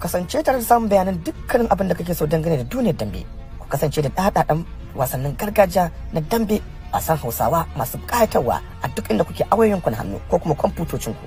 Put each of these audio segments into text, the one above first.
kasance tare da samun bayanan dukkanin abin da kake so dangane da duniyar dambe ku kasance da ɗaɗaɗan wasannin gargajiya na dambe a san hausawa masu ƙayatarwa a duk inda kuke awayoyinku na hannu ko kuma kwamfutocin ku.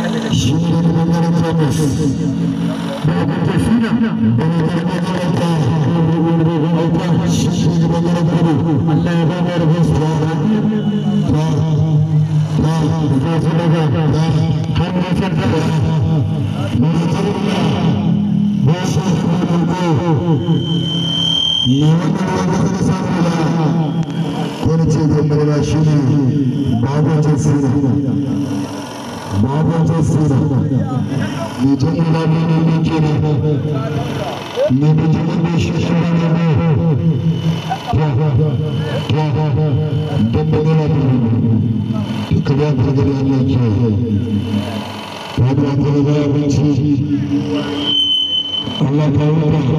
Şimdi de bunları yapıyoruz. Dolayısıyla Bunu çekip bana şimdi baba çeksin. బాబోసేసిన నిజంగా నమ్మించిన నిజంగా విశేషమైన ఇక్కడ అల్లా కావాలి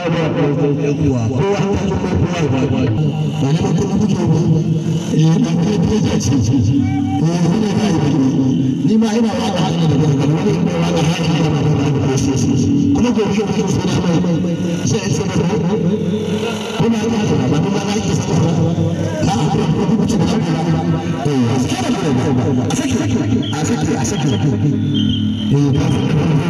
kuwa kowa da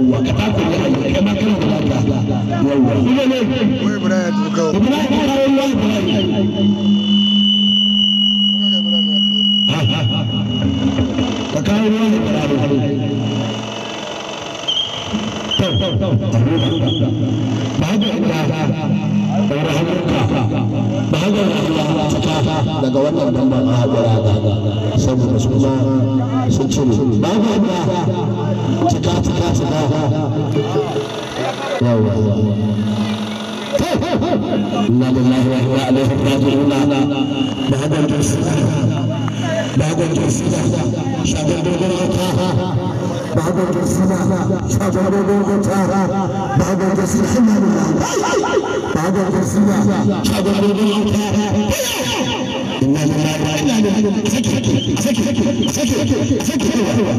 yawwa ka ta ku kai kai ma kana da lafiya yawwa kuma ne wai ka ruwa ba daga wannan dambar na haƙura ga saboda su ma sun cire babu wanda cika cika cika yawa inna lillahi wa inna ilaihi raji'un ba hadan tasira ba hadan shagon kursiya shagon gurgun wuta inna lillahi inna ilaihi raji'un saki saki saki saki saki inna lillahi wa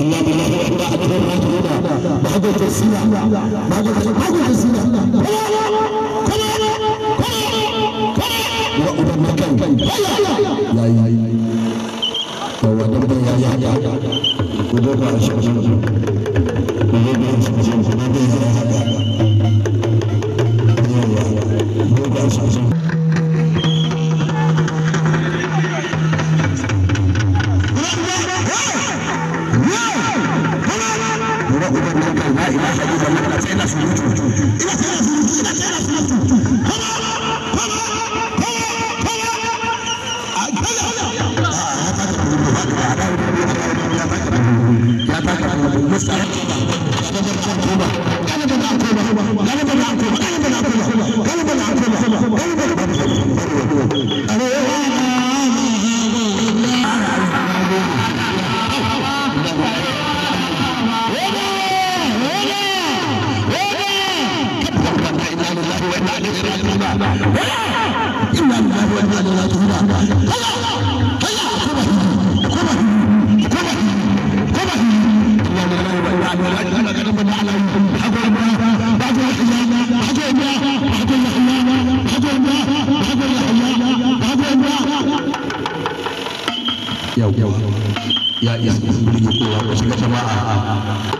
inna ilaihi raji'un shagon kursiya shagon shagon kursiya wa uban makan ya yi yawa dabban ya yi haka ko ba shi What? yau ya isa sun birge kowa wasu jama'a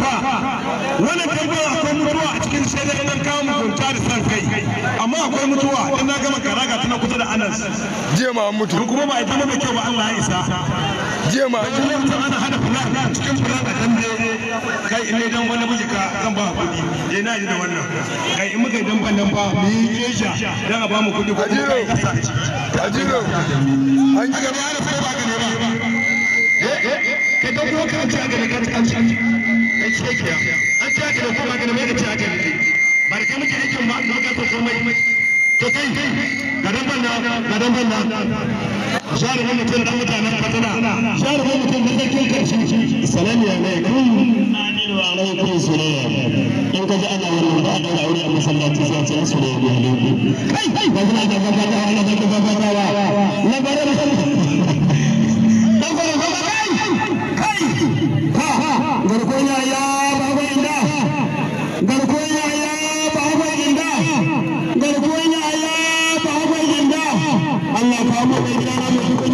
mutuwa wani tambaya akwai mutuwa a cikin shaidar idan kawo mugunta da san kai amma akwai mutuwa dan na gama karaga tana kusa da anas jiya ma mutu in kuma ba ita mai kyau ba Allah ya isa jiya ma an mutu ana hada fulani cikin fulani dan ne kai in dan wani miji ka zan ba kuɗi eh na ji da wannan kai in muka dan ban dan ba mu yi kesha dan a ba mu kuɗi ko mu kasa ajiro an ji gaba da ko ba gane ba eh, eh eh kai dan ko ka ci ci an ci haka da ko ba ka da mai ci haka ne ba da kai muke aikin ba da ka so mai to kai garin banna garin banna share wani mutum dan mutanen fatana share wani mutum da sarkin karshe salamu alaikum amin wa alaikum salam in ka ji ana wannan ba a daura aure a masallaci sai a ce assalamu alaikum wani da gaba da wa na bare mutum Thank you.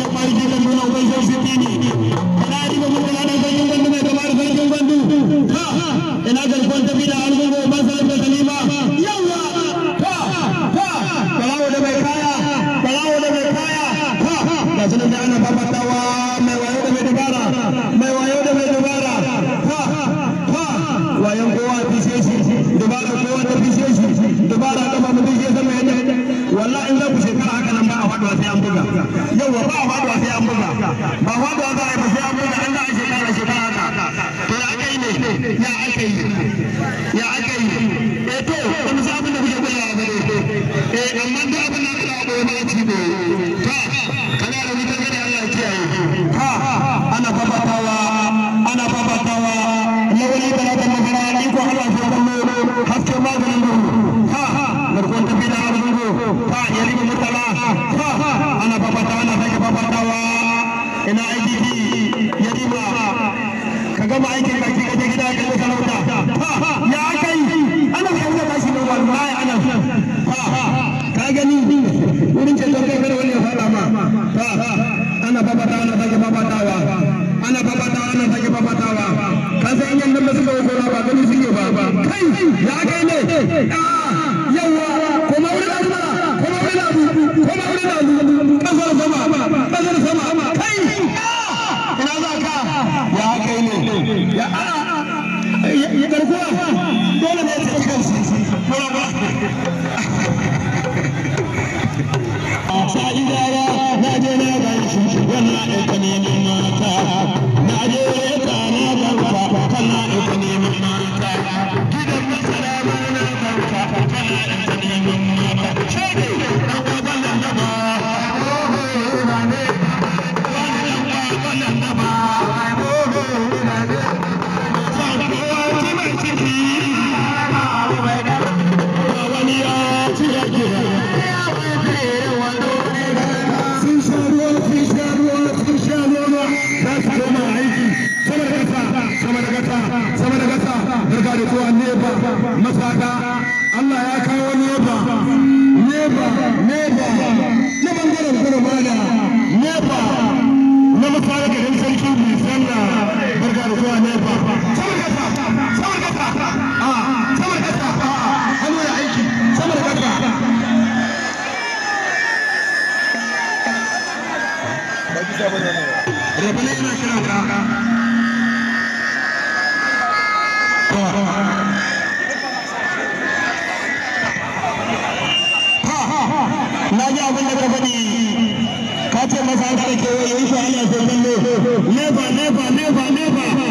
aka kewaye shi ana sai kallo nefa nefa nefa nefa